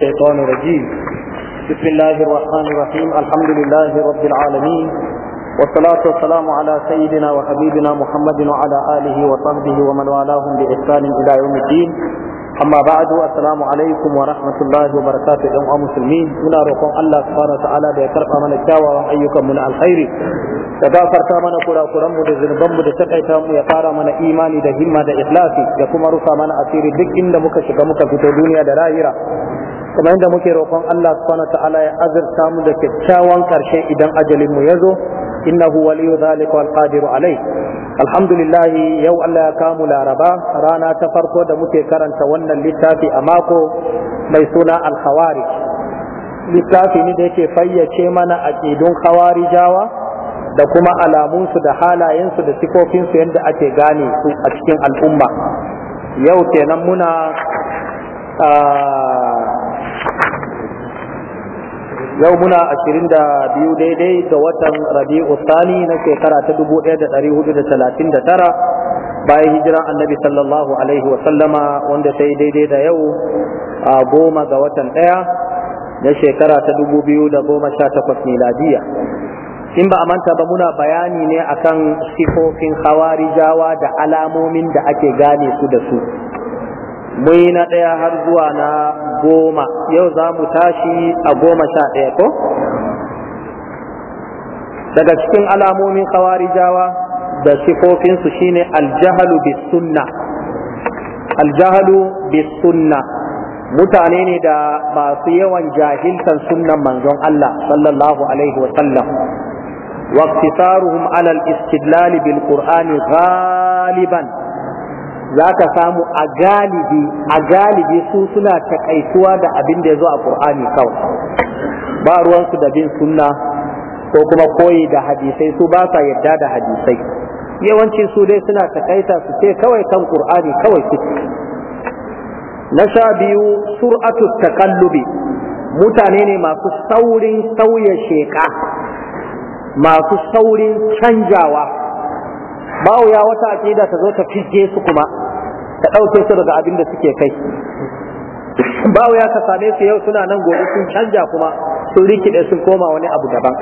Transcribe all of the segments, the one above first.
الشيطان الرجيم بسم الله الرحمن الرحيم الحمد لله رب العالمين والصلاة والسلام على سيدنا وحبيبنا محمد وعلى آله وصحبه ومن والاهم بإحسان إلى يوم الدين أما بعد السلام عليكم ورحمة الله وبركاته يا مسلمين منا رقم الله سبحانه وتعالى بيكرق من الشاوى وحيكم من الخير تغافر من قرى قرم لذنبم لتقيتم يقار من إيماني دهما دإخلاصي يكما رفا من أسير دك إن مكشك مكفت دنيا دلاهرة kamar inda muke roƙon Allah subhanahu ta'ala ya azurta mu da kyakkyawan karshe idan ajalin mu yazo innahu waliyu zalika wal qadiru alai alhamdulillah yau Allah ya kamu laraba rana ta farko da muke karanta wannan littafi a mako mai suna al khawarij littafi ne da yake fayyace mana aqidun khawarijawa da kuma alamunsu da halayensu da sifofinsu yadda ake gane su a cikin al'umma yau kenan muna ah, yau muna ashirin da biyu daidai ga watan rabi'u sani na shekara ta dubu ɗaya da ɗari hudu da talatin da tara bayan hijiran annabi sallallahu alaihi wa sallama wanda yi daidai da yau a goma ga watan ɗaya na shekara ta dubu biyu da goma sha takwas miladiya in ba a manta ba muna bayani ne akan sifofin jawa da alamomin da ake gane su da su mun na ɗaya har zuwa na goma yau za mu tashi a goma sha ɗaya ko daga cikin alamomin kawarijawa da sifofinsu shine aljahalu bis sunna aljahalu bis sunna mutane ne da masu yawan jahiltan sunnan manzon Allah sallallahu alaihi wa sallam waqtisaruhum ala al bil qur'ani ghaliban za ka samu a galibi a galibi su suna takaituwa da abin da ya zo a ƙur'ani kawai ba ruwansu da bin sunna ko kuma koyi da hadisai su ba sa yadda da hadisai yawanci su dai suna takaita su ce kawai kan ƙur'ani kawai su na sha biyu sur'atu takallubi mutane ne masu saurin sauya sheka, masu saurin canjawa ba ya wata aqida ta zo ta fije su kuma ta dauke su daga abin da suke kai ba ya ka same su yau suna nan gobe sun canja kuma sun rikide sun koma wani abu daban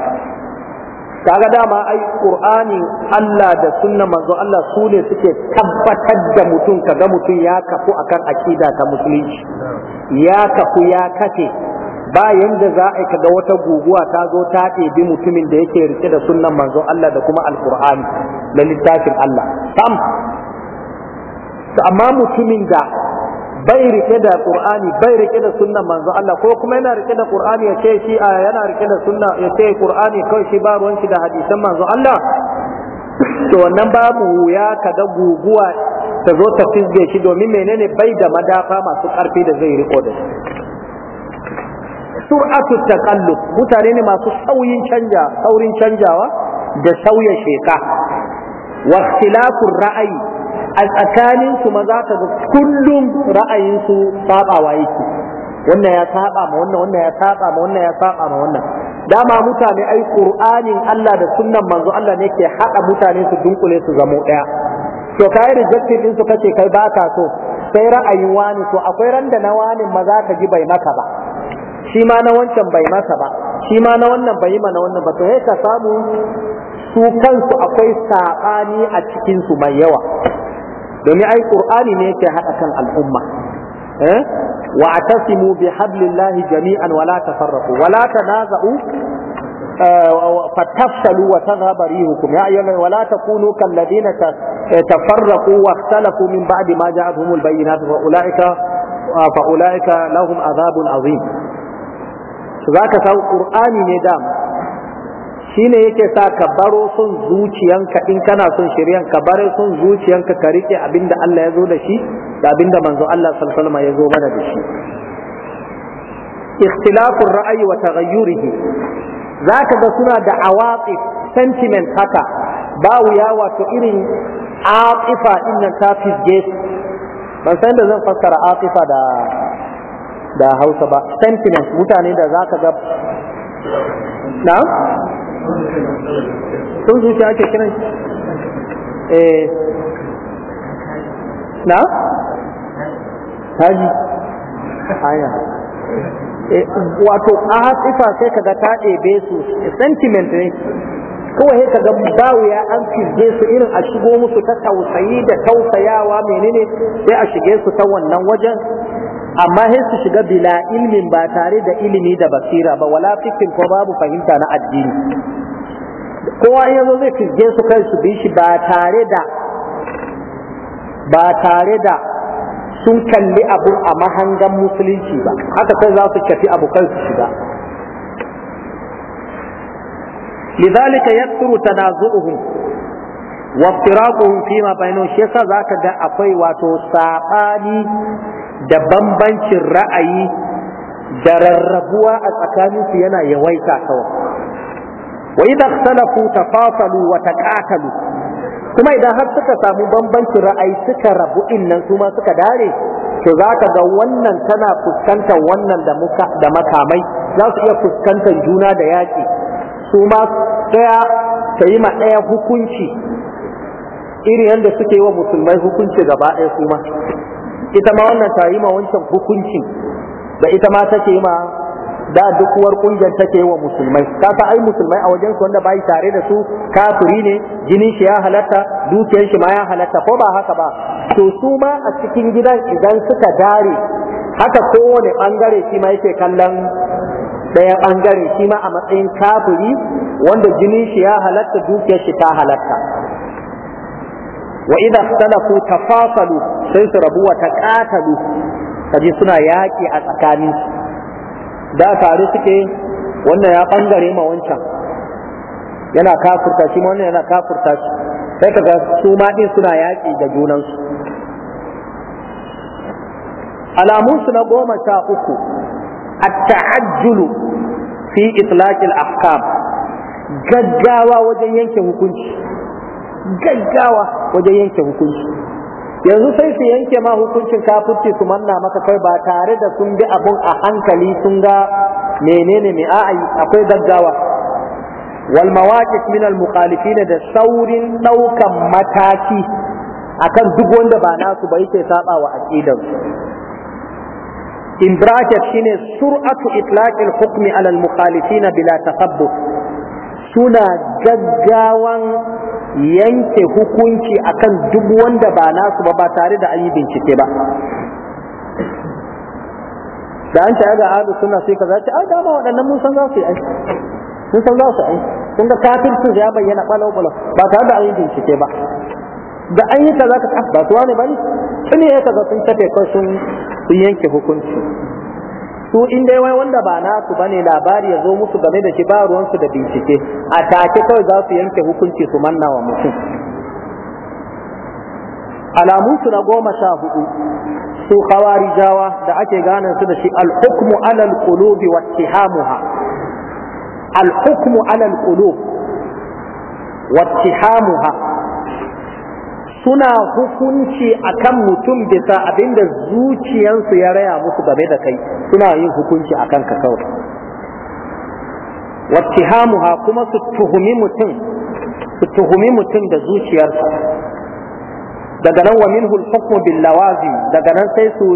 kaga dama ai qur'ani Allah da sunna manzo Allah su ne suke tabbatar da mutum kaga mutum ya kafu akan aqida ta musulunci ya kafu ya kace. ba yanda za a kaga wata guguwa ta zo ta ɗebi mutumin da yake rike da sunnan manzo Allah da kuma alkur'ani na littafin Allah sam amma mutumin da bai rike da qur'ani bai rike da sunnan manzo Allah ko kuma yana rike da qur'ani yace shi yana rike da sunna yace qur'ani ko shi ba ruwan shi da hadisan manzo Allah to wannan babu ya kada guguwa ta zo ta fizge shi domin menene bai da madafa masu karfi da zai riko da shi sur'atu taqallub mutane ne masu sauyin canja saurin canjawa da sauya sheka wa ikhtilafu ra'ayi a tsakanin su maza ka ga kullum ra'ayin su sabawa yake wannan ya saba ma wannan wannan ya saba ma wannan ya saba ma wannan dama mutane ai qur'anin Allah da sunnan manzo Allah ne ke hada mutane su dunkule su zamo daya to kai rejected din su kace kai baka so sai ra'ayin wani to akwai randa na wani maza ka ji bai maka ba shi ma na wancan bai masa ba shi ma na wannan bai ma na wannan ba to ka samu su kansu akwai saɓani a cikinsu mai yawa domin ai qur'ani ne yake haɗa kan al'umma eh? wa atasimu bi hablillahi jami'an wala tafarraqu wala tanaza'u فتفشلوا وتذهب ريحكم يا أيها ولا تكونوا كالذين تفرقوا واختلفوا من بعد ما جاءتهم البينات فأولئك فأولئك لهم عذاب عظيم za ka samu ƙur'ani ne dama shi ne yake sa ka baro son zuciyanka in kana son shiryan ka baro son zuciyanka ka riƙe abin da Allah ya zo da shi da abin da manzo Allah sallallahu ya zo mana da shi ikhtilafur ra'ayi wa taghayyurihi za ka ga suna da awatif sentiment haka ba wuya wato irin aqifa din nan ta fisge ban san da zan fassara aqifa da da hausa ba sentiment mutane da za ka ga na? sun zuci ake kiran eh na? haji aya eh, wato a hatsifa sai ka ga ta ɗebe su sentiment ne kawai ka ga bawu ya an fizge su irin a shigo musu ta tausayi da tausayawa menene sai a shige su ta wannan wajen amma sai su shiga bila ilmin ba tare da ilimi da basira ba wala fikin ko babu fahimta na addini kowa in yazo zai fizge su kai su bi shi ba tare da ba tare da sun kalli abun a mahangan musulunci ba haka sai za su tafi abokan su shiga لذلك يكثر تنازعهم waftiraquhum fima bainahum shi yasa zaka ga akwai wato saɓani da bambancin ra'ayi da rarrabuwa a tsakaninsu yana yawaita kawai wa salafu ta tafasalu wa taqatalu kuma idan har suka samu bambancin ra'ayi suka rabu nan su ma suka dare to zaka ga wannan tana fuskantar wannan da makamai za su iya fuskantar juna da yaƙi? su ma daya ta yi ma daya hukunci irin yadda suke yi wa musulmai hukunci gaba ɗaya kuma ita ma wannan ta yi ma wancan hukunci da ita ma take yi ma da duk uwar take yi wa musulmai ka sa ai musulmai a wajen su wanda bai tare da su kafiri ne jinin shi ya halatta dukiyar shi ma ya halatta ko ba haka ba to su ma a cikin gidan idan suka dare haka kowane bangare shi ma yake kallon daya bangare shi ma a matsayin kafiri wanda jinin shi ya halatta dukiyar shi ta halatta wa idza ikhtalafu tafasalu sai su rabu wa taqatalu kaje suna yaƙi a tsakanin da tare suke wannan ya bangare ma wancan yana kafurta shi wannan yana kafurta shi sai kaga su ma ɗin suna yaƙi da junansu Alamunsu na goma sha uku at-ta'ajjulu fi itlaqil ahkam gaggawa wajen yanke hukunci gaggawa wajen yanke hukunci yanzu sai su yanke ma hukuncin kafirci su manna maka kai ba tare da sun bi abun a hankali sun ga menene ne a akwai gaggawa wal mawaqif min al muqalifin da saurin daukan mataki akan duk wanda ba nasu ba yake saba wa aqidan in bracket shine sur'atu itlaq al hukmi ala al muqalifin bila tasabbut suna gaggawan yanke hukunci akan duk wanda ba nasu ba ba tare da an yi bincike ba da an ta ga ahlu suna sai ka ce ai dama waɗannan mun san za su yi ai mun san za su ai kun ga kafircin ya bayyana balo-balo ba tare da an yi bincike ba da an yi za ka ah, ba su wani bane sun yi ka sun tafe kai sun yanke hukunci su in dai wai wanda ba nasu bane labari ya zo musu game da shi ba ruwansu da bincike a take kawai za su yanke hukunci su manna wa mutum alamunsu na goma sha hudu su khawarijawa da ake gane su da shi al alal qulubi wattihamuha al-hukmu alal suna hukunci akan mutum bisa abinda zuciyansu ya raya musu game da kai suna yin hukunci akan ka kawai wattihamuha kuma su tuhumi mutum su tuhumi mutum da zuciyarsa daga nan wa minhul hukmu bil lawazi daga nan sai su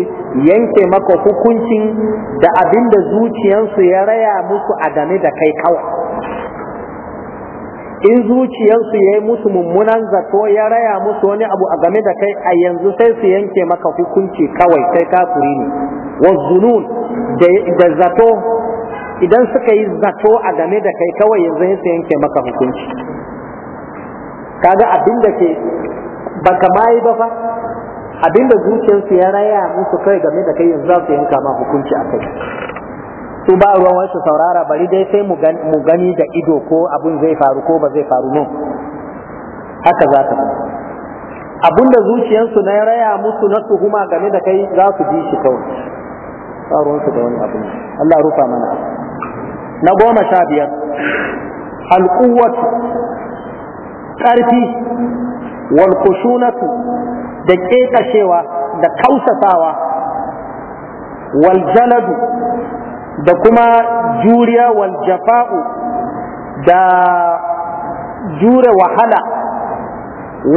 yanke maka hukuncin da abinda zuciyarsu ya raya musu a game da kai kawai in zuciyarsu ya yi musu mummunan zato ya raya musu wani abu a game da kai a yanzu sai su yanke maka hukunci kawai sai kafuri ne wazzunun da zato idan suka yi zato a game da kai kawai yanzu sai su yanke maka hukunci kaga abin da ke baka mai ba fa abin da zuciyarsu ya raya musu kai game da kai yanzu za su yanka ma hukunci a kai su ba ruwan wasu saurara bari dai sai mu gani da ido ko abun zai faru ko ba zai faru mun haka za ta abun da zuciyarsu na raya musu na tuhuma game da kai za su ji shi kawai ba ruwansu da wani abu Allah rufa mana na goma sha biyar alƙuwatu ƙarfi wal kushunatu da ƙeƙashewa da kausasawa wal jaladu da kuma juriya wal jafa'u da jure wahala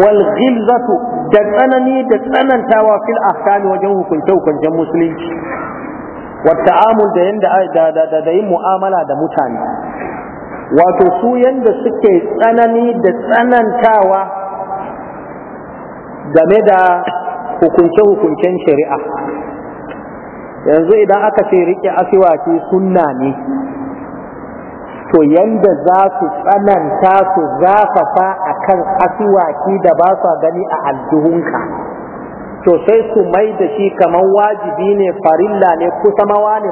wal ghilzatu da tsanani da tsanantawa fil ahkami wajen hukunta hukuncen musulunci wa ta'amul da yanda da da yin mu'amala da mutane wato su yanda suke tsanani da tsanantawa game da hukunce-hukuncen shari'a yanzu idan aka ce rike asiwaki sunna ne to yanda za su tsananta su zafafa a kan asiwaki da ba su gani a alduhunka to sai su mai da shi kamar wajibi ne farilla ne kusa mawa ne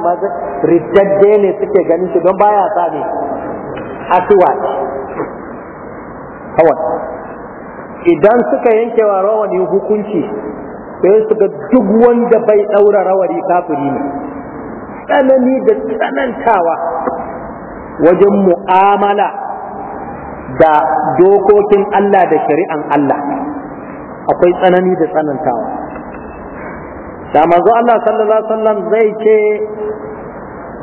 riddadde ne suke ganin su, don baya sa ne asiwaki idan suka yanke wa rawani hukunci sai su ga duk wanda bai ɗaura rawari kafiri ne tsanani da tsanantawa wajen mu'amala da dokokin Allah da shari'an Allah akwai tsanani da tsanantawa da manzo Allah sallallahu alaihi zai ce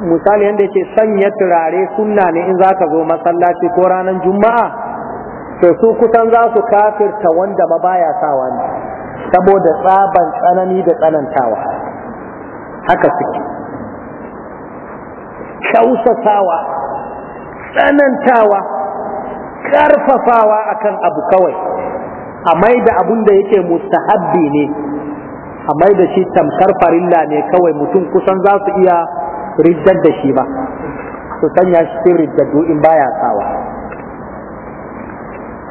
misali yadda ce sanya turare sunna ne in zaka zo masallaci ko ranar juma'a to su kusan za su kafirta wanda ba baya sawa ne saboda tsaban tsanani da tsanantawa haka suke kausatawa tsanantawa karfafawa akan abu kawai a mai da abun da yake mustahabbi ne a mai da shi tamkar farilla ne kawai mutum kusan za su iya riddar da shi ba su sanya shi cikin riddadu in baya sawa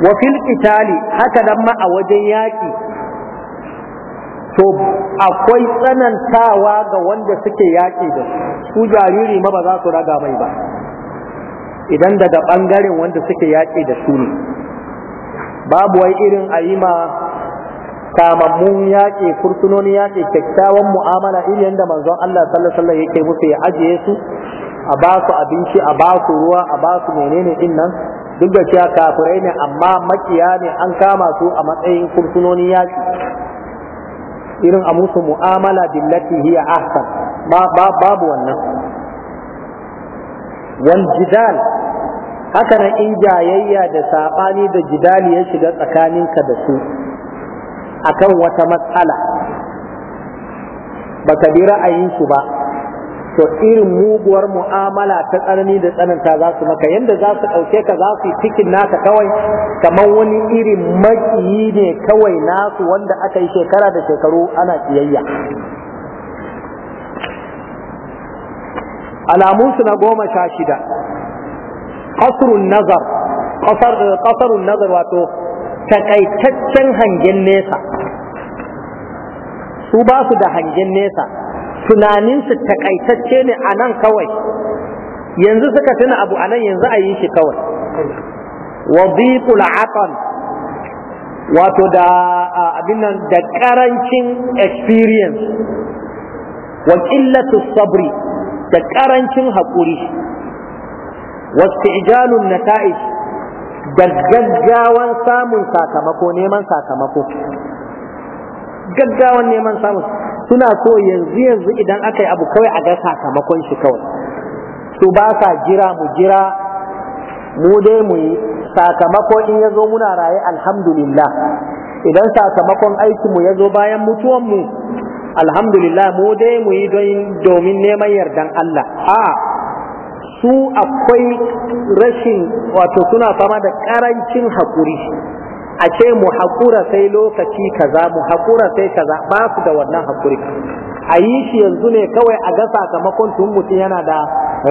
wa fil itali haka nan ma a wajen yaƙi to akwai tsanantawa ga wanda suke yaƙi da su jariri ma ba za su raga mai ba idan daga ɓangaren wanda suke yaƙi da su ne babu wai irin a yi ma kamammun yaƙi kurtunoni yaƙi kyakkyawan mu'amala irin yadda manzon Allah sallallahu alaihi yake musu ya ajiye su a ba su abinci a ba su ruwa a ba su menene din nan duk da cewa kafirai ne amma makiya ne an kama su a matsayin kurtunoni yaƙi irin a musu mu'amala billati hiya ahsan babu wannan wal jidal haka nan in jayayya da sabani da jidali ya shiga tsakaninka da su akan wata matsala baka bi ra'ayinsu ba to irin muguwar mu'amala ta tsanani da tsananta za su maka yadda za su ɗauke ka za su yi cikin naka kawai kamar wani irin makiyi ne kawai nasu wanda aka yi shekara da shekaru ana kiyayya alamunsu na goma sha shida ƙasarun nazar ƙasarun nazar wato takaitaccen hangen nesa su ba su da hangen nesa tunaninsu takaitacce ne a nan kawai yanzu suka tuna abu a nan yanzu a yi shi kawai wadiqul aqal wato da abin nan da karancin experience wa qillatu sabri da karancin haƙuri wa isti'jalun nata'ij da gaggawan samun sakamako neman sakamako gaggawan neman samun suna so yanzu yanzu idan aka yi abu kawai a ga sakamakon shi kawai su ba sa jira mu jira mu dai mu yi sakamako in ya zo muna raye alhamdulillah idan sakamakon aikinmu ya zo bayan mutuwanmu alhamdulillah mu dai mu yi domin neman yardan Allah a su akwai rashin wato suna fama da karancin haƙuri a ce mu haƙura sai lokaci kaza mu haƙura sai kaza ba su da wannan haƙuri a yi shi yanzu ne kawai a ga sakamakon tun yana da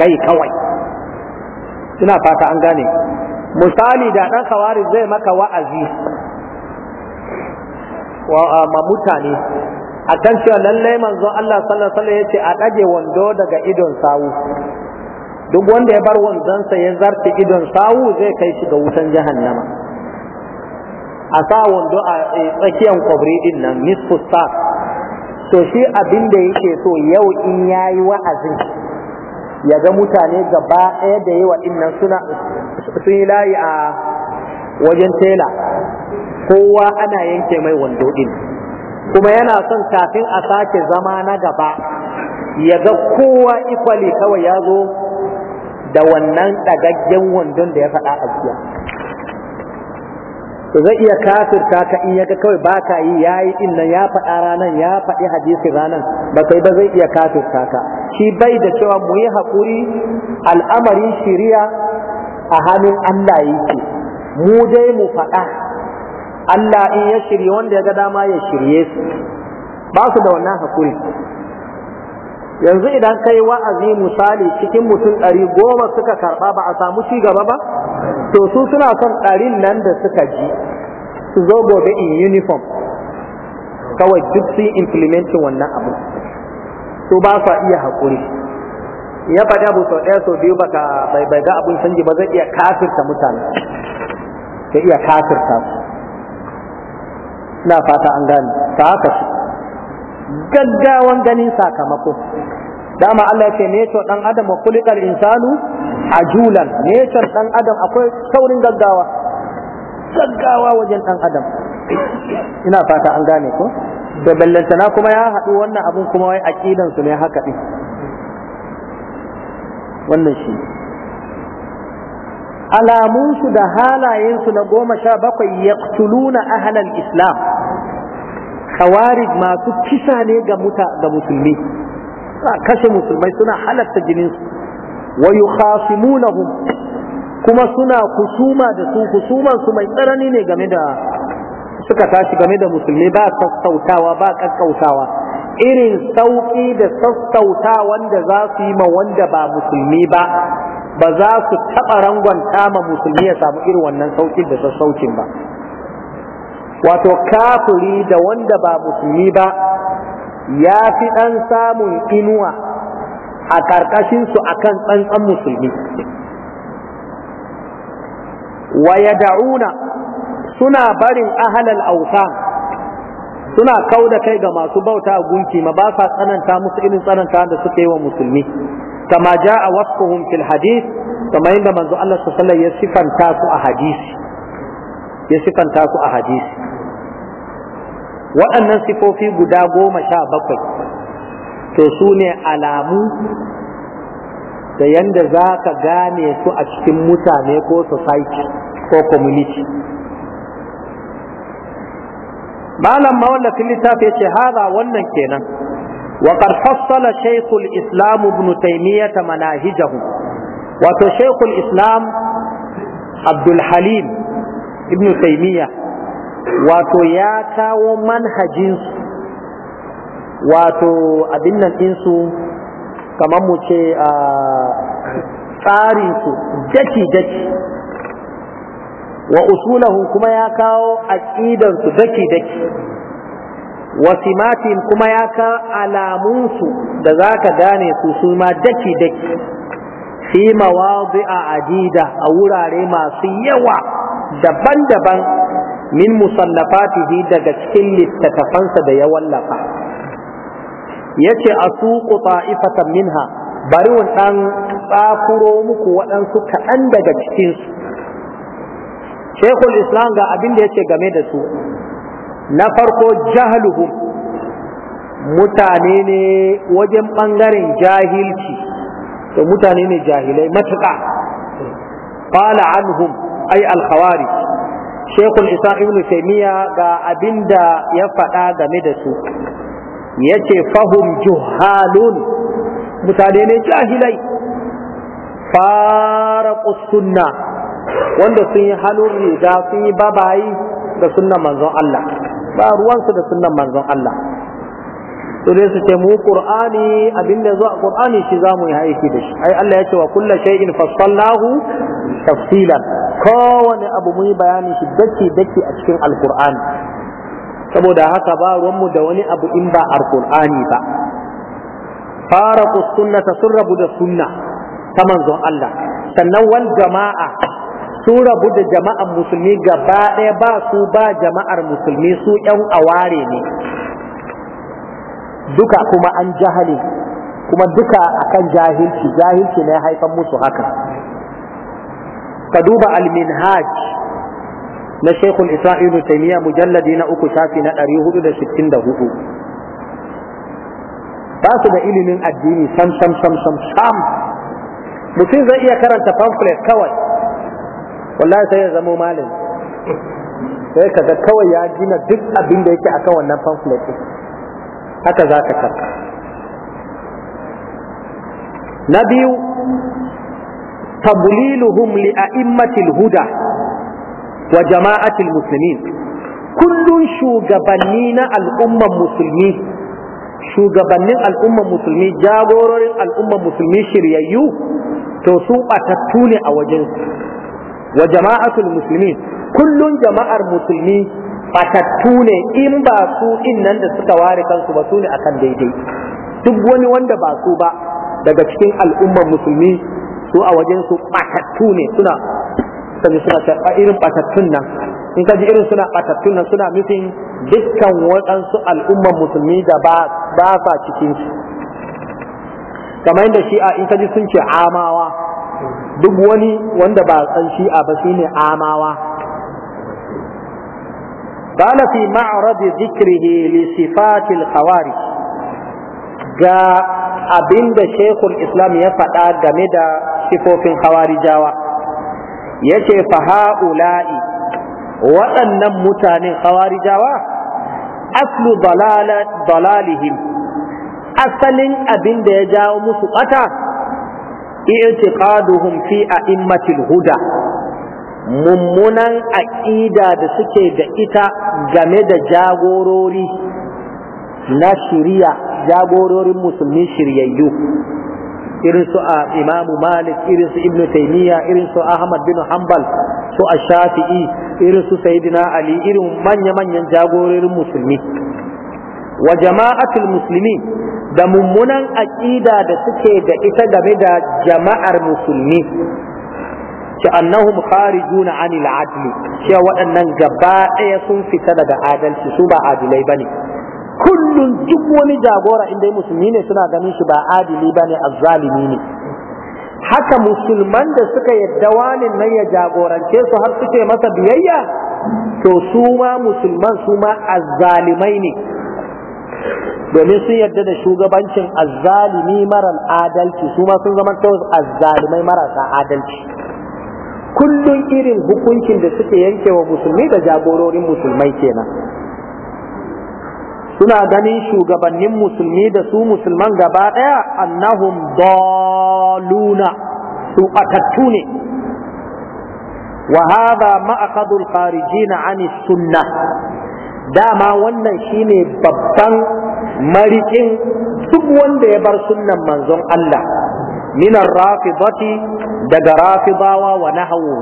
rai kawai ina fata an gane misali da ɗan kawari zai maka wa'azi ma mutane a kan cewa lallai manzon Allah sallallahu alaihi ya ce a ɗage wando daga idon sawu duk wanda ya bar wanzansa ya zarce idon sawu zai kai shi ga wutan jahannama a sa wando a eh, tsakiyar kwabri din nan nisfu to shi abin da yake so yau in yayi wa'azin ya ga mutane gaba ɗaya da yawa din nan suna sun yi layi a wajen tela kowa ana yanke mai wando din kuma yana son kafin a sake zama na gaba ya ga kowa ikwali kawai ya zo da wannan ɗagaggen wandon da ya faɗa a jiya zai iya kafirta ka in yaga kawai ba ka yi ya yi nan ya faɗa ranar ya faɗi hadisin ranar ba kai ba zai iya kafirta ka shi bai da cewa mu yi haƙuri al'amarin shiriya a hannun Allah yake mu dai mu faɗa Allah in ya shirye wanda ya ga dama ya shirye su ba su da wannan haƙuri yanzu idan kai wa'azi misali cikin mutum ɗari goma suka karɓa ba a samu ci gaba ba to su suna son ɗari nan da suka ji su zo gobe in uniform kawai duk su implementin wannan abu su ba sa iya haƙuri ya faɗi abu sau ɗaya sau biyu baka bai bai ga abin sanji ba zai iya kafirta mutane ka iya kafirta su na fata an gane ta haka shi gaggawan ganin sakamako dama Allah ce neto dan adam wa kulikal insanu ajulan neto dan adam akwai saurin gaggawa gaggawa wajen dan adam ina fata an gane ko da ballantana kuma ya haɗu wannan abun kuma wai aqidan su ne haka din wannan shi alamun su da halayen su na goma sha bakwai yaqtuluna ahlal islam khawarij masu kisa ne ga muta ga musulmi kashe musulmai suna halatta jinin su wa yukhasimunahum kuma suna kusuma da su kusuman su mai tsanani ne game da suka tashi game da musulmi ba sassautawa ba kakkautawa irin sauki da sassauta wanda za su yi ma wanda ba musulmi ba ba za su taɓa rangon ma musulmi ya samu irin wannan sauki da sassaucin ba wato kafuri da wanda ba musulmi ba ya fi ɗan samun inuwa a ƙarƙashinsu a kan tsantsan musulmi wa ya da'una suna barin ahalal ausa suna kau da kai ga masu bauta a gunki ma ba sa tsananta musu irin tsananta da suke yi wa musulmi kama ja a wasfuhum fil hadis kama yadda manzo Allah sallallahu ya sifanta su a hadisi ya sifanta su a hadisi waɗannan sifofi guda goma sha bakwai to su ne alamu da yanda za ka gane su a cikin mutane ko society ko community malam mawallafin littafi ce haza wannan kenan وقد فصل شيخ الإسلام ابن تيمية مناهجه wato shekul islam abdulhalim ibn taimiyya wato ya kawo manhajinsu wato abin nan ɗinsu kamar mu ce a tsarinsu daki-daki wa usulahu kuma ya kawo aƙidansu daki-daki wa simatin kuma ya kawo alamunsu da za ka gane su su ma daki-daki fi mawadi a adida a wurare masu yawa daban-daban min musallafatihi daga cikin littattafansa da ya wallafa yace asuqu ta'ifatan minha bari wa ɗan tsakuro muku waɗansu kaɗan daga cikin su Islam ga abin da yace game da su na farko jahluhum mutane ne wajen ɓangaren jahilci to mutane ne jahilai matuƙa Fala anhum ay al-khawarij shekul isa ibn taimiyya ga abinda ya faɗa game da su ya ce fahim juhalun mutane ne jahilai fara sunna wanda sun yi halin riga sun yi babayi da sunnan manzon Allah ba ruwansu da sunnan manzon Allah su su ce mu qur'ani abinda zo a qur'ani shi za mu yi aiki da shi ai Allah ya ce wa kullu shay'in fassalnahu tafsilan kowane abu mu yi bayani shi daki daki a cikin alqur'ani saboda haka ba ruwan mu da wani abu in ba alqur'ani ba faraqu sunnata sun rabu da sunna ta manzon Allah sannan wal jama'a sun rabu da jama'ar musulmi gaba ɗaya ba su ba jama'ar musulmi su ƴan aware ne duka kuma an jahali kuma duka akan jahilci jahilci ne haifan musu haka kaduba duba al-minhaj na Sheikhul Islam Ibn Taymiyyah mujalladi na uku shafi na 464 ba su da ilimin addini sam sam sam sam sam mutum zai iya karanta pamphlet kawai wallahi sai ya zamo malami sai kaga kawai ya gina duk abin da yake akan wannan pamphlet din haka za ka karka na biyu tabliluhum li a'immatil huda wa jama'atil muslimin kullun shugabanni na al'umman musulmi shugabannin al'umman musulmi jagororin al'umman musulmi shiryayyu to su batattu ne a wajen wa jama'atul muslimin kullun jama'ar musulmi batattu ne in ba su in nan da suka ware kansu ba su ne akan daidai duk wani wanda ba su ba daga cikin al'ummar musulmi su a wajen su batattu ne suna kaji suna ta irin batattun nan in ka ji irin suna batattun nan suna nufin dukkan waɗansu al'ummar musulmi da ba sa cikin su kamar yadda shi'a in ka ji sun ce amawa duk wani wanda ba san shi'a ba shine amawa قال في معرض ذكره لصفات الخوارج جاء abinda shekul islam ya faɗa game da sifofin hawarijawa ya ce fa ha'ula'i waɗannan mutanen hawarijawa aslu dalalihim asalin abinda ya jawo musu ƙata i'tiqaduhum fi a'immatil huda mummunan aƙida da suke da ita game da jagorori na shiriya jagororin musulmi shiryayyu irin su a ah, imamu malik irin su ibnu taymiya irin su ahmad bin hanbal su a shafi'i irin su sayyidina ali irin manya-manyan jagororin musulmi wa jama'atul musulmi da mummunan aƙida da suke da ita game da jama'ar musulmi to annahum kharijuna anil adli cewa waɗannan gaba ɗaya sun fita daga adalci su ba adilai bane Kullum duk wani jagora inda musulmi ne suna ganin shi ba adili bane azzalimi ne haka musulman da suka yadda wani nan ya jagorance su har suke masa biyayya to su musulman su ma ne domin sun yarda da shugabancin azzalimi marar adalci su ma sun zama azzalimai marasa adalci Kullum irin hukuncin da suke yankewa musulmi da jagororin musulmai kenan suna ganin shugabannin musulmi da su musulman gaba ɗaya annahum daluna su atattu ne wa hadha ma'aqadul kharijin ani sunna. dama wannan shine babban marikin duk wanda ya bar sunnan manzon Allah minar rafidati daga rafidawa wa nahawu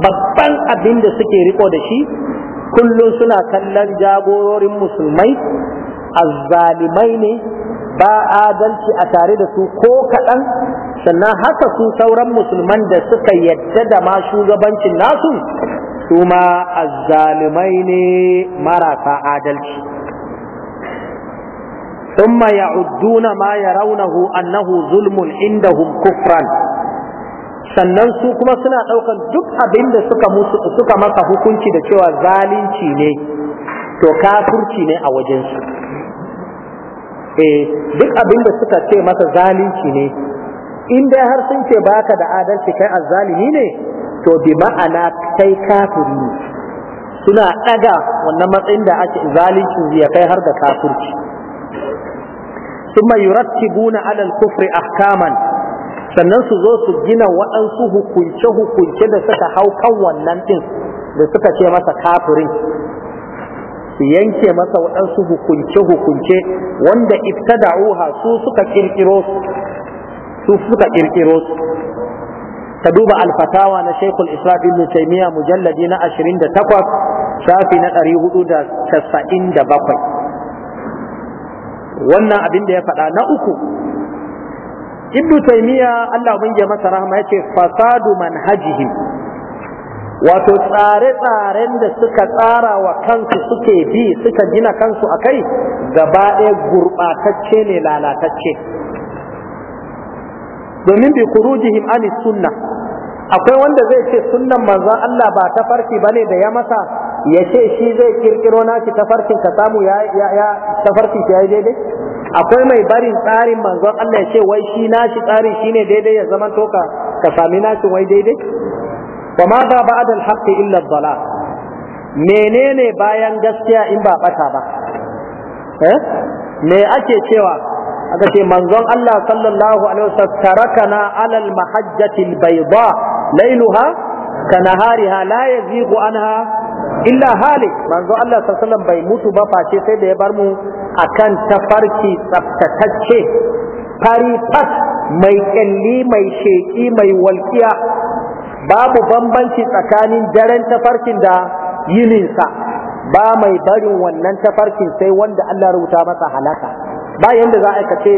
babban abin da suke riko da shi kullum suna kallon jagororin musulmai azzalimai ne ba adalci a tare da su ko kaɗan sannan haka su sauran musulman da suka yadda da ma shugabancin nasu su ma azzalimai ne marasa adalci ثم ya'udduna ma يرونه annahu zulmun عندهم كفرا sannan su kuma suna daukan duk abin da suka masa hukunci da cewa zalunci ne to kafirci ne a wajensu duk abin da suka ce masa zalunci ne in dai har sun ce baka da adalci kai azzalimi ne to bi ma'ana kai kafiri suna ɗaga wannan matsayin da ake zalunci ya kai har da kafurci. Su yurattibuna ala al-kufri ahkaman sannan su zo su gina waɗansu hukunce hukunce da suka hau kan wannan din da suka ce masa kafirin su yanke masa waɗansu hukunce hukunce wanda ibtada'uha su suka kirkiro su suka kirkiro su ka duba alfatawa na shekul Islam Ibn taimiyya mujalladi na 28 shafi na 497 wannan abin da ya faɗa na uku ibnu taymiya Allah bin ya masa rahma yace fasadu manhajihim wato tsare-tsaren da suka tsara wa kansu suke bi suka gina kansu a kai gaba ɗaya gurɓatacce ne lalatacce domin bi kurujihim ani sunna akwai wanda zai ce sunnan manzon Allah ba ta farki bane da ya masa ya ce shi zai kirkiro nashi tafarkin ka samu ya ya tafarki ya yi daidai akwai mai barin tsarin manzon Allah ya ce wai shi nashi tsarin shine daidai ya zaman toka ka sami nashi wai daidai wa ma ba ba'da al-haqq illa ad-dalal menene bayan gaskiya in ba bata ba eh me ake cewa aka ce manzon Allah sallallahu alaihi wasallam tarakana alal mahajjatil bayda lailuha ka nahariha la yazigu anha illa hali. manzo Allah sallallahu bai mutu ba face sai da ya bar mu akan tafarki tsaftatacce fari fat mai ƙyalli, mai sheki mai walkiya babu bambanci tsakanin daren tafarkin da yininsa ba mai barin wannan tafarkin sai wanda Allah rubuta masa halaka ba yanda za a ce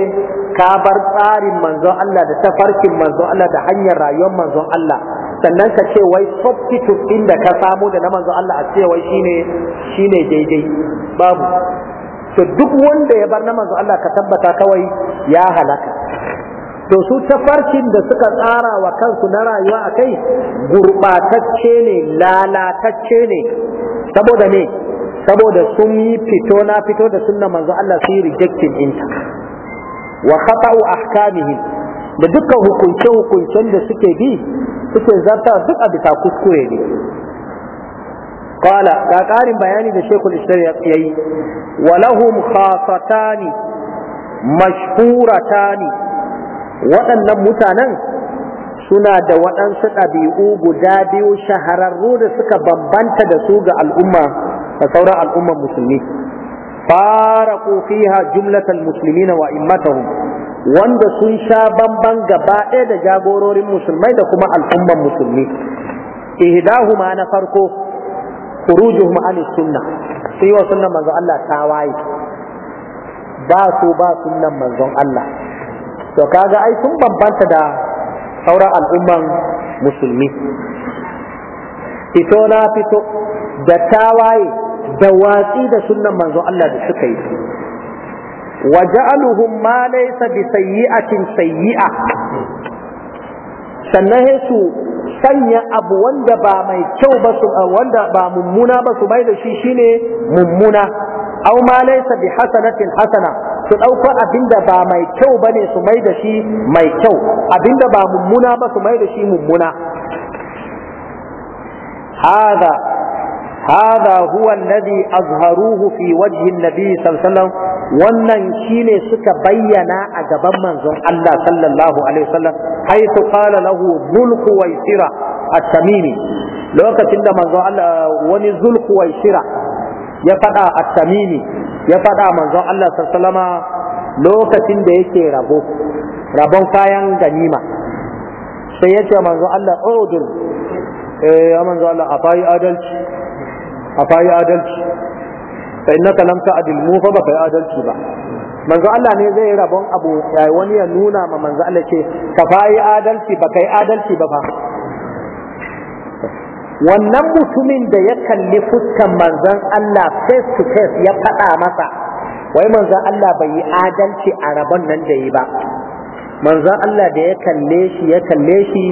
ka bar tsarin manzon Allah da tafarkin manzon Allah da hanyar rayuwar manzon Allah sannan ka ce wai substitute din da ka samu da na manzon Allah a ce wai shine shine daidai babu to duk wanda ya bar na manzon Allah ka tabbata kawai ya halaka to su tafarkin da suka tsara wa kansu na rayuwa akai gurbatacce ne lalatacce ne saboda ne saboda sun yi fito na fito da sunna manzo Allah su yi rejectin inta wa khata'u ahkamihim da dukkan hukunce hukuncen da suke bi suke zarta duk a bisa kuskure ne qala ga karin bayani da shekul islam ya yi wa lahum khasatani mashhuratani waɗannan mutanen suna da waɗansu ɗabi'u guda biyu shahararru da suka bambanta da su ga al'umma da sauran al'ummar musulmi fara fiha jumlatal muslimin wa immatuhum wanda sun sha bamban gaba ɗaya da jagororin musulmai da kuma al'ummar musulmi ihdahuma na farko khurujuhum an sunna sai wa sunnan manzon Allah waye. ba su ba sunnan manzon Allah to kaga ai sun bambanta da sauran al'umman musulmi fito na fito da tawaye da watsi da sunnan manzo Allah da suka yi wa ja'aluhum ma laysa bi sayyi'atin sayyi'a sannan su sanya abu wanda ba mai kyau ba su wanda ba mummuna ba su mai da shi shine mummuna aw ma laysa bi hasanatin hasana su dauka abinda ba mai kyau bane su mai da shi mai kyau abinda ba mummuna ba su mai da shi mummuna hada هذا هو الذي أظهروه في وجه النبي صلى الله عليه وسلم wannan shine suka bayyana a gaban manzon Allah sallallahu alaihi wasallam haythu qala lahu zulqu waysira at-tamimi lokacin da manzon Allah wani zulqu waysira ya fada at-tamimi ya fada manzon Allah sallallahu alaihi lokacin da yake rabo rabon kayan ganima sai ya ce manzon Allah udur eh manzon Allah a afai adalci a fayi adalci fa innaka lam ta'dil mu fa baka yi adalci ba manzo Allah ne zai rabon abu yayi wani ya nuna ma manzo Allah ce ka fa fayi adalci baka yi adalci ba fa wannan mutumin da ya kalli fuskan manzon Allah face to face ya faɗa masa wai manzon Allah bai yi adalci a rabon nan da yi ba manzon Allah da ya kalle shi ya kalle shi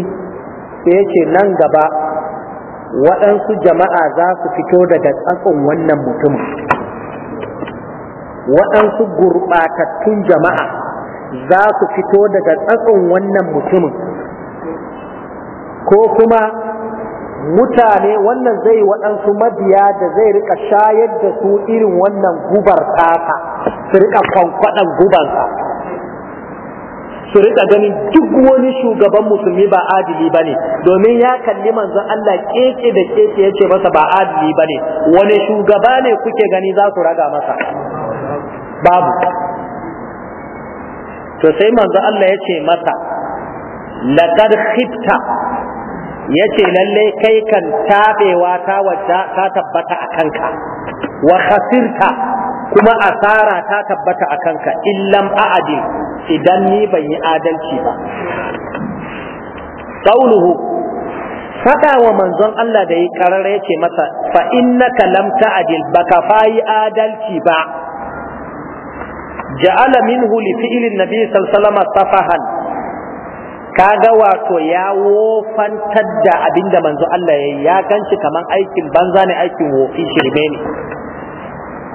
sai ya ce nan gaba waɗansu jama'a za su fito daga tsakon wannan mutum waɗansu gurɓatattun jama'a za su fito daga tsakon wannan mutumin ko kuma mutane wannan zai waɗansu mabiya da zai rika shayar da su irin wannan gubar tasa su rika kwankwaɗan gubansa su rika ganin duk wani shugaban musulmi ba adili ba ne domin ya kalli manzon Allah keke da keke ya ce masa ba adili ba ne wani shugaba ne kuke gani za su raga masa babu to sai manzon Allah ya ce masa laqad khibta ya ce lalle kai kan tabewa ta wadda ta tabbata a kanka wa khasirta kuma asara ta tabbata a kanka illam a'adi idan ni ban yi adalci ba Sa'uluhu, fada wa manzon Allah da yi karara yace masa fa innaka lam ta'dil baka fayi adalci ba ja'ala minhu li fi'li nabi sallallahu alaihi safahan kaga wato ya wofantar da abinda manzo Allah yayi ya ganci kaman aikin banza ne aikin wofi shirme ne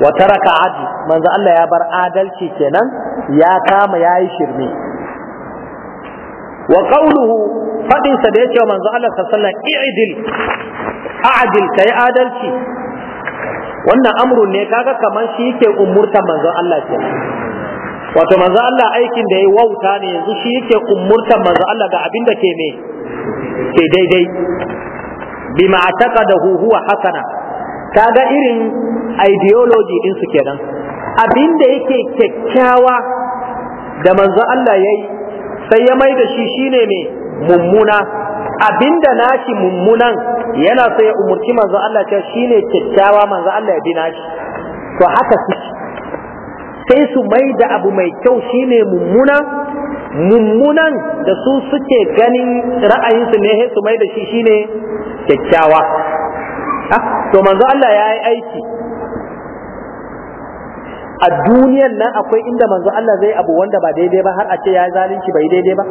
wa taraka adi manzo Allah ya bar adalci kenan ya kama yayi shirme wa qawluhu fadin sa da yace manzo Allah sallallahu alaihi i'dil a'dil kai adalci wannan amrun ne kaga kaman shi yake umurta manzo Allah kenan wato manzo Allah aikin da yayi wauta ne yanzu shi yake umurta manzo Allah ga abin da ke me ke daidai bima taqadahu huwa hasana kaga irin ideology din su kenan abinda yake kyakkyawa da manzo Allah yayi sai ya mai da shi shine ne mummuna abinda nashi mummunan yana so ya umurci manzo Allah cewa shine kyakkyawa manzo Allah ya bi nashi to haka sai su mai da abu mai kyau shine mummuna mummunan da su suke ganin ra'ayinsu ne sai su mai da shi shine kyakkyawa ah, to manzo Allah ya yi aiki a duniyan nan akwai inda manzo Allah zai abu wanda ba daidai ba har a ce ya zalunci bai daidai ba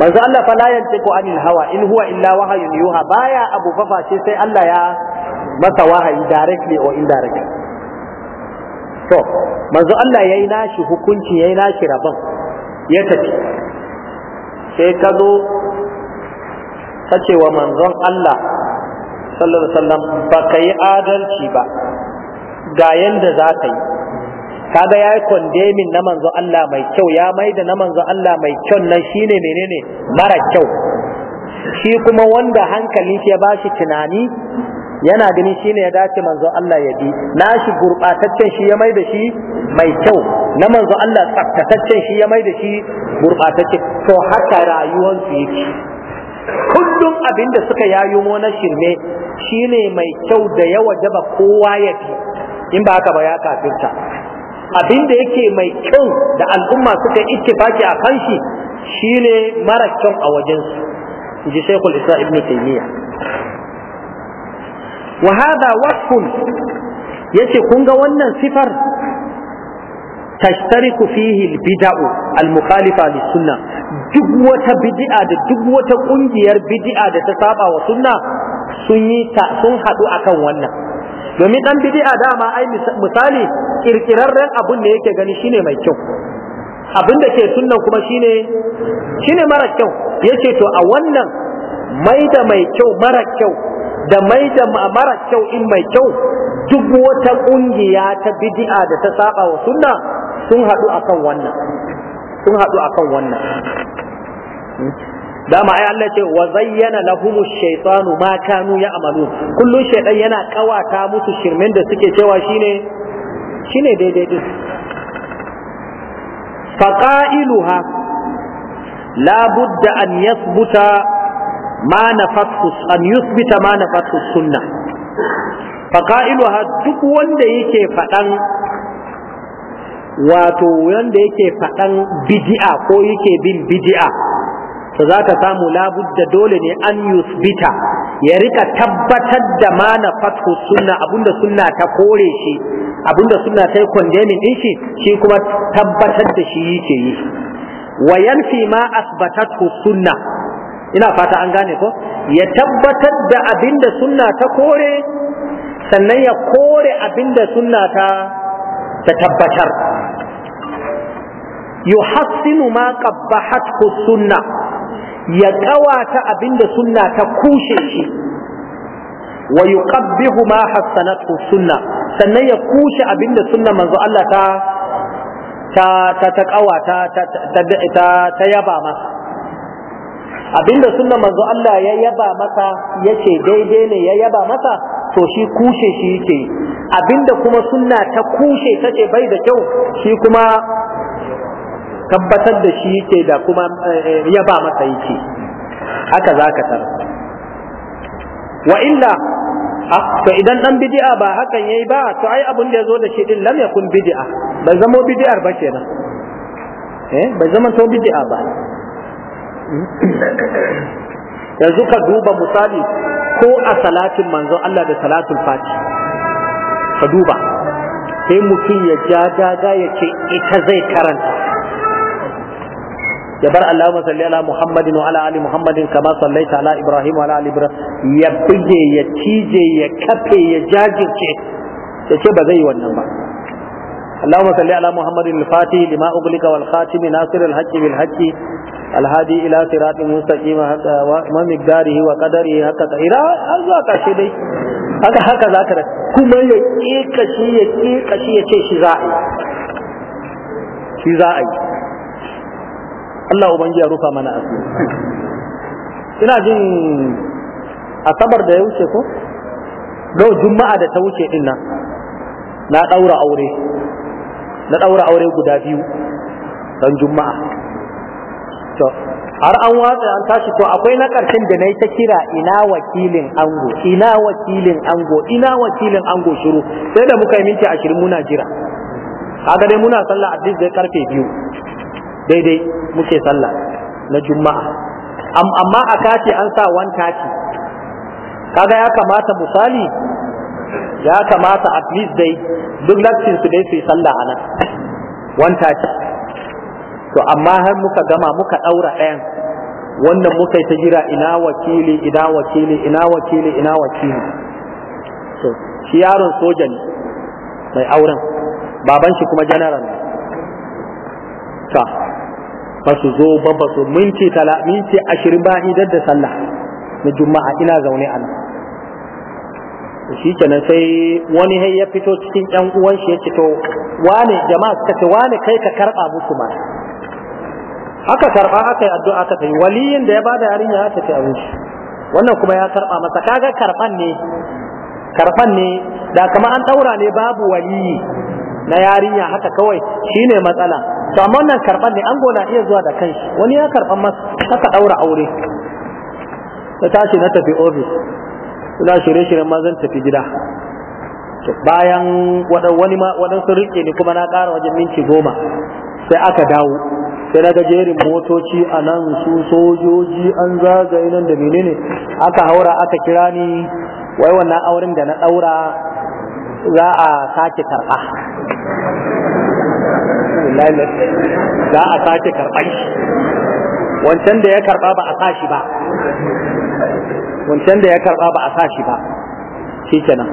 manzo Allah fa la yantiqu anil hawa in huwa illa wahayun yuha baya abu fa face sai Allah ya masa wahayi directly or indirectly to manzo Allah yayi nashi hukunci yayi nashi rabon ya tafi sai ka zo ka ce wa manzon Allah sallallahu alaihi wasallam ba ka yi adalci ba ga yanda za ka yi kaga yayi condemning na manzo Allah mai kyau ya maida na manzo Allah mai kyau nan shine menene mara kyau shi kuma wanda hankali shi ya bashi tunani yana gani shine ya dace manzo Allah ya bi nashi gurbataccen shi ya maida shi mai kyau na manzo Allah tsaftataccen shi ya maida shi gurbatacce to haka rayuwar su yake kullum da suka yayo na shirme shine mai kyau da yawa jaba kowa ya bi in ba haka ba ya kafirta abin da yake mai kyau da al'umma suka ittifaki a kan shi shine mara kyau a wajensu ji shaykhul isra ibn taymiya wa hada wasfun yace kun ga wannan sifar tashtariku fihi albid'u almukhalifa lis-sunnah duk wata bid'a da duk wata kungiyar bid'a da ta saba wa sunna sun yi sun haɗu akan wannan domin dan bidi'a dama ai misali ƙirƙirarren abun da yake gani shine mai kyau abin da ke sunnan kuma shine shine mara kyau yace to a wannan mai da mai kyau mara kyau da mai da mara kyau in mai kyau duk wata ƙungiya ta bid'a da ta saba wa sunna sun haɗu akan wannan sun haɗu akan wannan dama ai Allah ce wa zayyana lahumu shaytanu ma kanu ya'malun kullun shaytan yana kawata musu shirmen da suke cewa shine shine daidai din faqailuha la budda an yathbuta ma nafathu an yuthbita ma nafathu sunnah faqailuha duk wanda yake fadan wato wanda yake fadan bid'a ko yake bin bid'a to za ka samu labudda dole ne an yusbita ya rika tabbatar da mana fathu sunna abinda sunna ta kore shi abinda sunna ta yi condemning din shi shi kuma tabbatar da shi yi ke yi wa fi ma asbatatu sunna ina fata an gane ko ya tabbatar da abinda sunna ta kore sannan ya kore abinda sunna ta ta tabbatar yuhassinu ma qabbahathu sunna ya ƙawata abin da sunna ta kushe shi wa yuqabbihu ma hassanatu sunna sannan ya kushe abin da sunna manzo Allah ta ta ta ta ƙawata ta ta yaba masa abinda sunna manzo Allah ya yaba masa yace daidai ne ya yaba masa to shi kushe shi yake abinda kuma sunna ta kushe tace bai da kyau shi kuma tabbatar da shi yake da kuma eh, ya ba masa yake haka za ka tara wa illa ah, to idan dan bid'a ba hakan yayi ba to ai abun da yazo da shi din lam yakun bid'a bai zama bid'ar ba kenan eh bai zama to bid'a ba yanzu ka duba misali ko a salatin manzo, Allah da salatul fati ka duba sai mutum ya ja daga ya ce ita zai karanta ya bar Allahumma salli ala Muhammadin wa ala ali Muhammadin kama sallaita ala Ibrahim wa ala ali Ibrahim ya bige ya cije ya kafe ya jajirce ya ce ba zai yi wannan ba اللهم صل على محمد الفاتح لما أغلق والخاتم ناصر الحق بالحق الهادي إلى صراط مستقيم ومقداره وقدره هكذا إلى أزواك شدي haka haka za ka kuma ya ƙeƙa shi ya ƙeƙa shi ya ce shi a za a yi Allah ubangi ya rufa mana asiri ina jin asabar da ya wuce ko do juma'a da ta wuce din nan na daura aure na daura aure guda biyu dan juma'a to har an watsa an tashi to akwai na karshen da nayi ta kira ina wakilin ango ina wakilin ango ina wakilin ango shiru sai da muka yi minti 20 muna jira kaga dai muna sallah addis zai karfe biyu daidai muke sallah na juma'a amma a kati an sa wan kati kaga ya kamata misali ya kamata at least dai duk lakcin su dai su yi sallah a nan wan kati to amma har muka gama muka daura ɗayan wannan muka yi ta jira ina wakili ina wakili ina wakili ina wakili to shi yaron soja ne mai auren baban shi kuma janaral ne ba su zo ba ba su minti tala minti ashirin ba idar da sallah na juma'a ina zaune a nan shi kenan sai wani hai ya fito cikin yan uwan shi ya ce to wane jama'a suka ce wane kai ka karba musu ma aka karba aka yi addu'a aka tafi waliyin da ya bada yarinya aka ce abin shi wannan kuma ya karba masa kaga karban ne karban ne da kama an daura ne babu waliyi na yarinya haka kawai shine matsala amma wannan karban ne ango na iya zuwa da kai wani ya karban masa aka daura aure ta tashi na tafi ofis ina shirye-shiryen ma zan tafi gida bayan wani sun rike ni kuma na ƙara wajen minti goma sai aka dawo sai na ga jerin motoci a nan su sojoji an zagaye nan da menene aka haura aka kira ni wai wannan auren da na ɗaura za a sake karɓa billahi za a sake karɓar shi wancan da ya karɓa ba a sa shi ba wancan da ya karɓa ba a sa shi ba shi kenan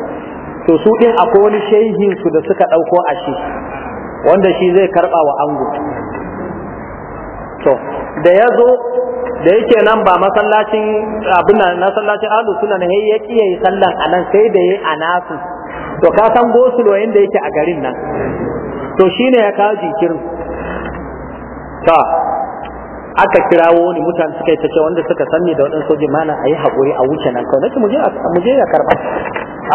to su ɗin akwai wani shehin su da suka ɗauko a shi wanda shi zai karɓa wa ango to da ya zo da yake nan ba masallacin abin nan masallacin alu suna ne ya ƙi yayi sallan a nan sai da yayi a nasu to ka san gosulo yanda yake a garin nan to shine ya kawo jinkirin ta aka kirawo wani mutane suka yi ta ce wanda suka sanni da waɗansu soji mana a yi haƙuri a wuce nan kawai nake mu je ya karɓa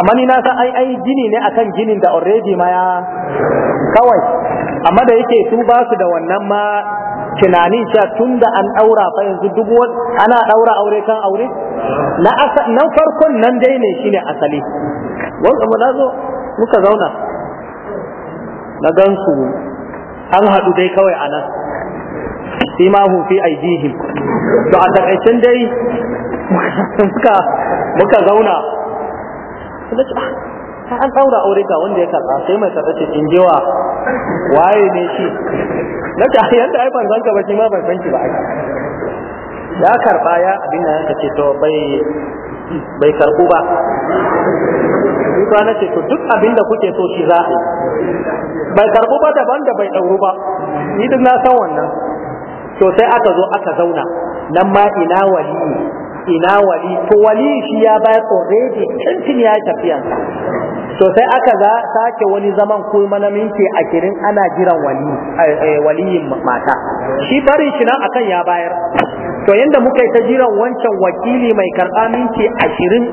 amma ni na san ai ai gini ne akan ginin da already ma ya kawai amma da yake su ba su da wannan ma tunanin cewa tun da an ɗaura fa yanzu duk ana ɗaura aure kan aure na farkon nan dai ne shine asali wanda mu na zo muka zauna na gansu an haɗu dai kawai a nan hufi a aidihim to a takaicin dai muka zauna ta ah, an ɗaura aure ga wanda ya karɓa sai mai karɓa ce in jewa waye ne shi na ta ah, yadda ai ban san ka ba shi ma ban san ki ba ya karɓa ya abin nan ka ce to bai bai karbu ba ita na ce to duk abinda kuke so shi za a yi bai karbu ba daban da bai ɗauru ba ni duk na san wannan to sai aka zo aka zauna nan ma ina wali ina wali to wali shi ya bayar already tuntun ya tafiya to sai aka za sake wani zaman kuma mana minti a kirin ana jiran wali eh, eh, waliyin mata shi bari shi nan akan ya bayar to yanda muka yi ta jiran wancan wakili mai karɓa minti ashirin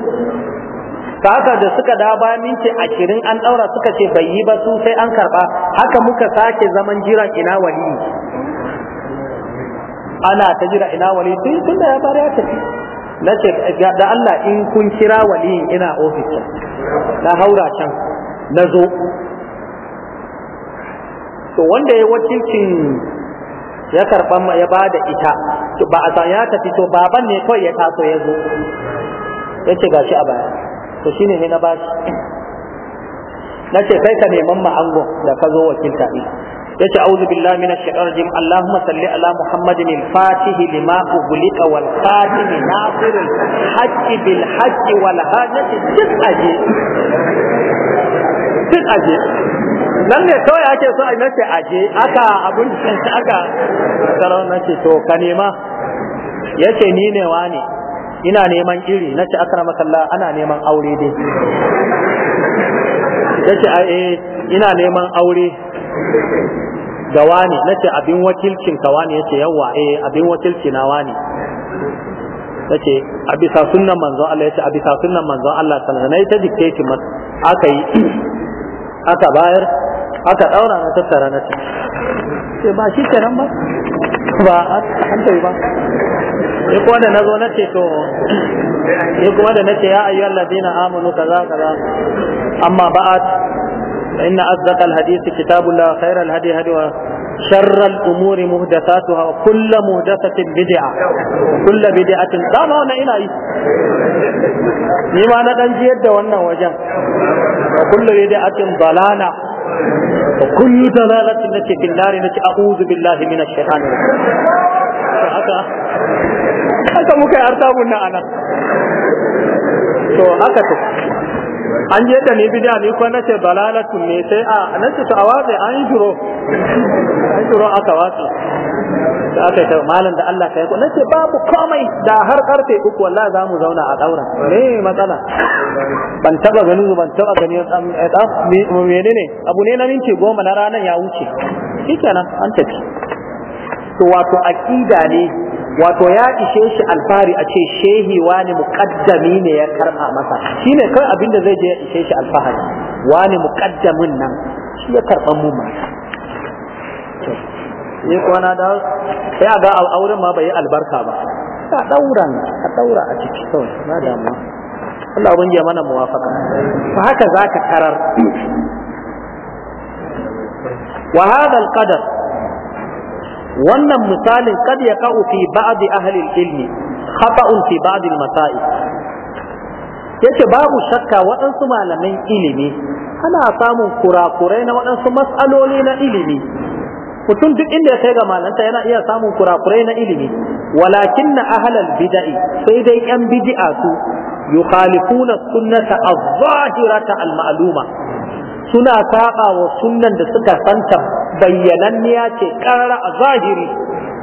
ta haka da suka da bayan minti ashirin an ɗaura suka ce bai yi ba su sai an karɓa haka muka sake zaman jiran ina wali ana ta jira ina wali tun tun da ya bari ya tafi na ce da Allah in kun kira wali ina ofis na haura can na zo to wanda ya wakilcin ya karban ya bada ita to ba a ya tafi to baban ne kawai ya taso ya zo ya ce gashi a baya to shi ne na bashi na ce kai ka neman ma'angon da ka zo wakilta ɗin ya ce auzu billahi min ash-shaytan rajim allahumma salli ala muhammadin al-fatih lima ughliqa wal khatim nasir al-hajj bil hajj wal hajj duk aje duk aje nan ne kawai ake so a nace aje aka abun aka na nace to ka nema yace ni ne wani ina neman iri nace akramakallah ana neman aure dai yace a eh ina neman aure ga wani nace abin wakilcin ka wani yace yawa eh abin wakilci na wani yace a bisa sunnan manzon Allah yace a bisa sunnan manzon Allah sallallahu alaihi wasallam ta dictate masa aka yi aka bayar aka daura na tattara na ci sai ba shi kenan ba ba an tafi ba ni kuma da zo na ce to ni kuma da ce ya ayyu ayyuhal ladina amanu kaza kaza amma ba'at فإن أصدق الحديث كتاب الله خير الهدي wa. شر الأمور مهدثاتها وكل مهدثة بدعة كل بدعة لا ما أنا إلهي لما ندنجي يد وانا وجن وكل بدعة ضلالة وكل ضلالة التي في النار التي أعوذ بالله من الشيطان haka muka yi artabun na anan to haka to an je da ni bidiya ni kuma nace dalalatu ne sai a nace to awaze an yi shiro an a aka wace. da aka ta malam da Allah kai ko nace babu komai da har karfe uku wallahi za mu zauna a daura ne matsala ban taba ganin ban taba ganin dan dan eh, menene abu ne na minti goma na ranan ya wuce shikenan an tafi to wato aqida ne wato ya ishe shi alfahari a ce shehi wani muqaddami ne ya karba masa shine kai abin da zai je ya ishe shi alfahari wani muqaddamin nan shi ya karba mu ma sai kwana da sai a ga auren ma bai yi albarka ba a daura a daura a ciki kawai ba damuwa Allah ubangiji ya mana muwafaka fa haka za ka karar wa hadha al wannan misalin kad ya ka'u fi ba'di ahli ilmi khata'un fi ba'di al-masail yace babu shakka waɗansu malamin ilimi ana samun kurakurai na waɗansu mas'aloli na ilimi mutum duk inda ya kai ga malanta yana iya samun kurakurai na ilimi walakin na ahlal bid'i sai dai yan bid'a su yukhalifuna sunnata az-zahirata al-ma'luma suna saba wa sunnan da suka santa bayyananniya ce karara a zahiri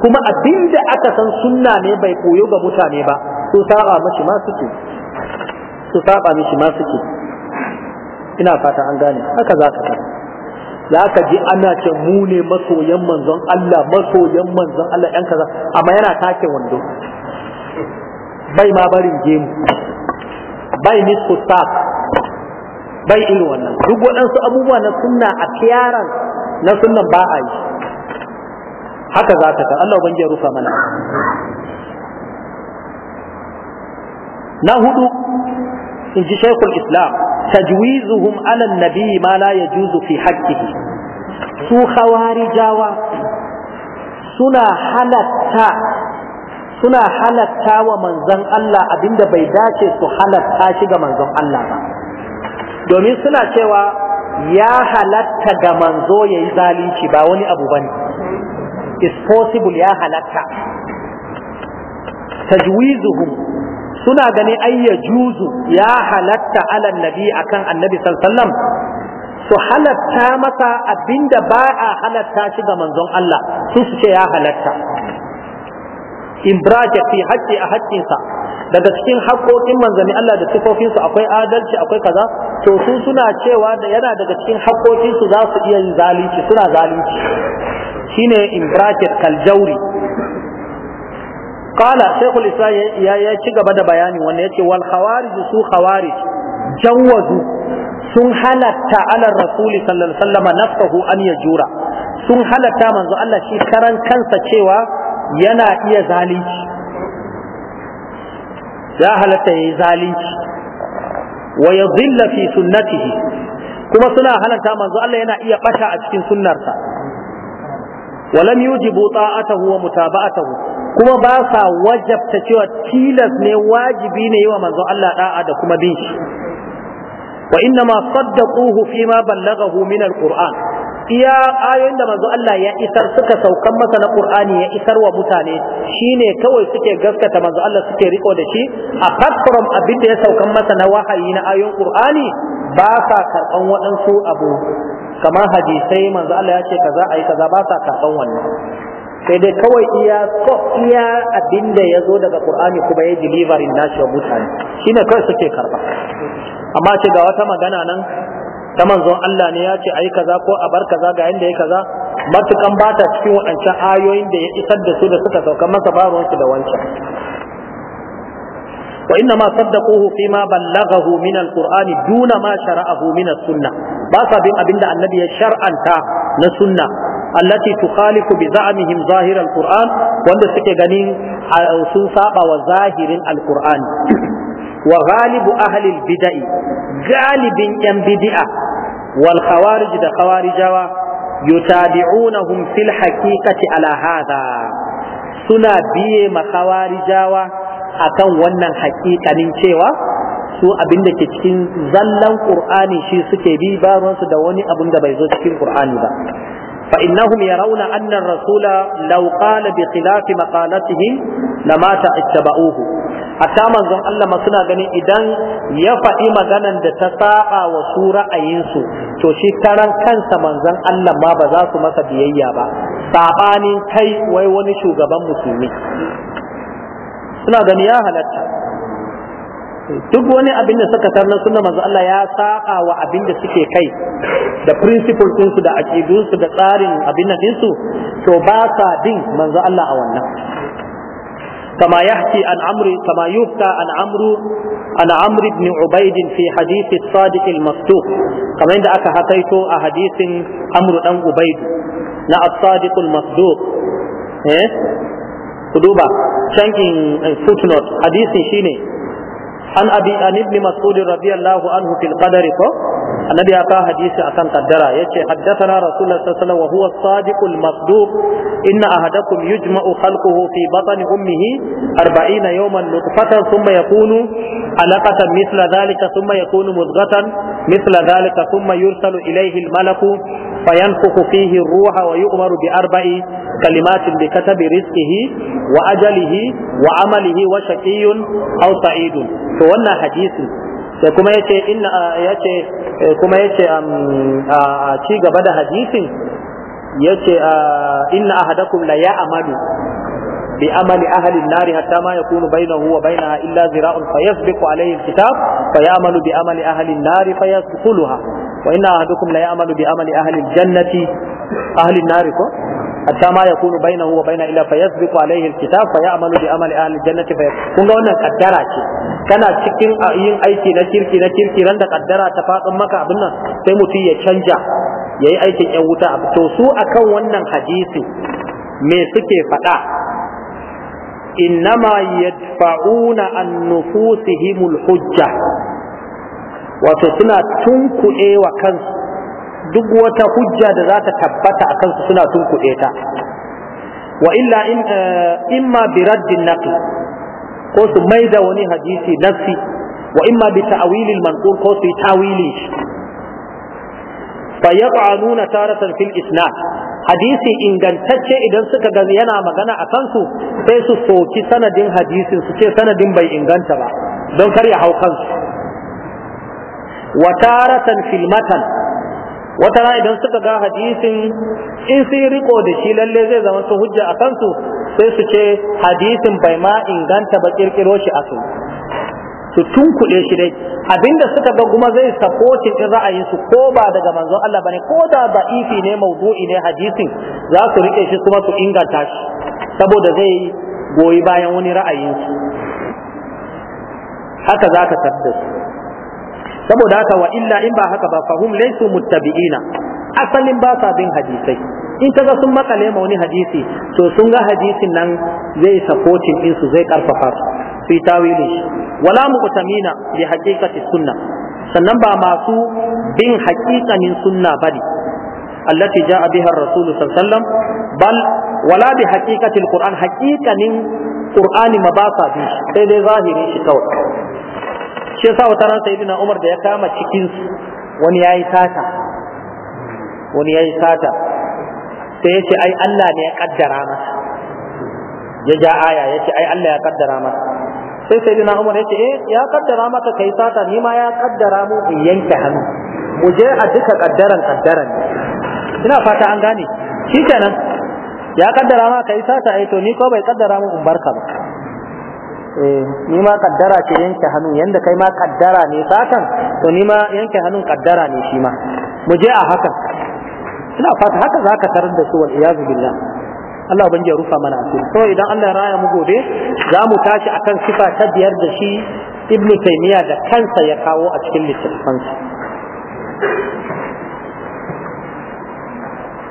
kuma abinda aka san sunna ne bai koyo ga mutane ba su saba mashi ma suke su saba mashi ma suke ina fata an gane haka za ka kara za ka ji ana ce mu ne masoyan manzon Allah masoyan manzon Allah yan kaza amma yana take wando bai ma barin gemu bai su sak bai irin wannan duk waɗansu abubuwa na sunna a tiyaran na sunnan ba a yi haka za ta ta Allah ubangiji rufa mana na hudu in ji shaikul islam tajwizuhum ala nabi ma la yajuzu fi haqqihi su khawarijawa suna halatta suna halatta wa manzon Allah abinda bai dace su halatta shi ga manzon Allah ba domin suna cewa ya halatta ga manzo ya yi zalunci ba wani abu ba ne is possible ya halatta tajwizuhum suna gani ayya juzu ya halatta ala nabi akan annabi sallallahu su halatta masa abinda ba a halatta shi ga manzon Allah su su ce ya halatta in bracket fi haƙƙi a haƙƙinsa daga cikin haƙoƙin manzanni Allah da sifofinsu akwai adalci akwai kaza to su suna cewa da yana daga cikin haƙoƙinsu za su iya yin zalunci suna zalunci shine in bracket kaljauri qala shaykhul islam ya ya ci gaba da bayani wannan yace wal khawarij su khawarij jawadu sun halatta ala rasul sallallahu alaihi wasallam nafsahu an yajura sun halatta manzo Allah shi karan kansa cewa yana iya zalunci ya halatta yayi zalunci wa zilla fi sunnatihi kuma suna halatta manzo Allah yana iya bata a cikin sunnarsa wa lam yujibu ta'atahu wa mutaba'atahu kuma ba sa wajabta cewa tilas ne wajibi ne yawa manzo Allah da'a da kuma bin shi wa inna ma saddaquhu fi ma ballaghahu min alquran iya ayoyin da manzo Allah ya isar suka saukan masa na Qur'ani ya isar wa mutane shine kawai suke gaskata manzo Allah suke riko da shi a from abin da ya saukan masa na wahayi na ayoyin Qur'ani ba sa karban waɗansu abu kamar hadisai manzo Allah ya ce kaza ayi kaza ba sa karban wannan sai dai kawai iya ko iya abin da ya zo daga Qur'ani kuma ya delivering nashi wa mutane shine kawai suke karba amma ce ga wata magana nan ta manzon Allah ne ya ce ayi kaza ko a bar kaza ga yanda ya kaza matukan ba ta cikin waɗancan ayoyin da ya isar da su da suka sauka masa ba da wancan wa inna ma saddaquhu fi ma ballaghahu min alqur'ani duna ma shara'ahu min as-sunnah ba sa bin abinda annabi ya shar'anta na sunna allati tukhalifu bi za'mihim zahir alqur'an wanda suke ganin sun saba wa zahirin alqur'ani wa ghalibu ahlil bida'i galibin yan bid'a wal khawarij da khawarijawa yutabi'unahum fil haqiqati ala hadha suna biye ma khawarijawa akan wannan haƙiƙanin cewa su abinda ke cikin zallan qur'ani shi suke bi ba da wani abin da bai zo cikin qur'ani ba فإنهم يرون أن الرسول لو قال بخلاف مقالته لما اتبعوه hatta manzon Allah ma suna ganin idan ya faɗi maganan da ta sa'a wa su ra'ayinsu to shi karan kansa manzon Allah ma ba za su masa biyayya ba sabanin kai wai wani shugaban musulmi suna gani ya halatta duk wani abin da suka tarna sunna manzon Allah ya saba wa abin da suke kai da principle ɗinsu, da aqidunsu da tsarin abin nan ɗinsu, to ba sa bin manzon Allah a wannan كما يحكي عن عمرو كما يحكى عن عمرو عن عمرو بن عبيد في حديث الصادق المصدوق كما عند أكا هتيتو أحاديث عمرو بن عبيد لا الصادق المصدوق إيه كدوبا شانكين فوتنوت حديث شيني عن أبي عن ابن مسعود رضي الله عنه في القدر annabi ya ka hadisi akan kaddara yace haddathana rasulullah sallallahu rasu wasallam wa huwa as-sadiqul masduq inna ahadakum yujma'u khalquhu fi batni ummihi 40 yawman nutfatan thumma yakunu alaqatan mithla dhalika thumma yakunu mudghatan mithla dhalika thumma yursalu ilayhi al-malaku فينفخ فيه الروح ويؤمر بأربع كلمات بكتب رزقه وأجله وعمله وشقي أو سعيد فوانا حديث sai kuma yace inna yace eh, kuma yace a ci gaba da hadisin yace inna ahadakum la ya'malu bi amali ahli an-nar hatta ma yakunu bainahu wa bainaha illa zira'un fayasbiqu alayhi al-kitab fayamalu bi amali ahli an-nar fayadkhuluha wa inna ahadukum la ya'malu bi amali ahli al-jannati ahli an-nar ko hatta ma yakunu bainahu wa baina illa fayasbiqu alayhi alkitab fayamalu bi amali ahli aljannati fa kun ga wannan kaddara ce kana cikin yin aiki na kirki na kirki ran da kaddara ta fadin maka abin nan sai mutum ya canja yayi aikin yan wuta to su akan wannan hadisi me suke faɗa innama yadfa'una an nufusihimul hujja wato suna tunkuɗe wa kansu duk wata hujja da za ta tabbata a kansu suna tunkuɗe ta wa illa eh, ma bi raddin naqli ko su maida wani hadisi nafsi wa ma bi ta'wilil manqul ko su tawili fa yaq'anuna taratan fil isnad hadisi ingantacce idan suka ga yana magana a kansu sai su soki sanadin hadisin su ce sanadin bai inganta ba don kar ya hau kansu wa taratan fil matan wata rana idan suka ga hadisin in sun riko da shi lalle zai zama su hujja a kansu sai su ce hadisin bai ma inganta ba kirkiro shi a su tunkuɗe shi dai abinda suka ga kuma zai sapotin in ra'ayin su ko ba daga manzo Allah bane ko da ba ifi ne maudu'i ne hadisin za su rike shi kuma su inganta shi saboda zai goyi bayan wani ra'ayin su haka za ka tabbata saboda haka wa illa in ba haka ba fahum laysu muttabi'ina asalin ba sa bin hadisai in ga sun makale ma wani hadisi to sun ga hadisin nan zai supportin din su zai karfafa su fi tawili wala muqtamina bi haqiqati sunna sannan ba masu bin haqiqanin sunna bane allati ja'a biha ar-rasul sallallahu bal wala bi haqiqati al-qur'an haqiqanin qur'ani ma ba sa bi sai dai zahiri shi kawai shi yasa wata ran sayyidina Umar da ya kama cikin wani yayi sata wani yayi sata sai yace ai Allah ne ya kaddara masa ya ja aya yace ai Allah ya kaddara masa sai sayyidina Umar yace eh ya kaddara maka kai sata ni ma ya kaddara mu in yanke hannu mu je a duka kaddaran kaddaran ina fata an gane shikenan ya kaddara maka kai sata ai eh, to ni ko bai kaddara mu in barka ba Eh, ni ma kaddara ce yanke hannu yanda kai ma kaddara ne satan to ni ma yanke hannun kaddara ne shi ma mu je a hakan ina fata haka zaka tarar da su wal iyazu billah Allah ban ya rufa mana asiri to idan Allah ya raya mu gobe za mu tashi akan sifa ta biyar da shi ibnu taymiya da kansa ya kawo a cikin littafansa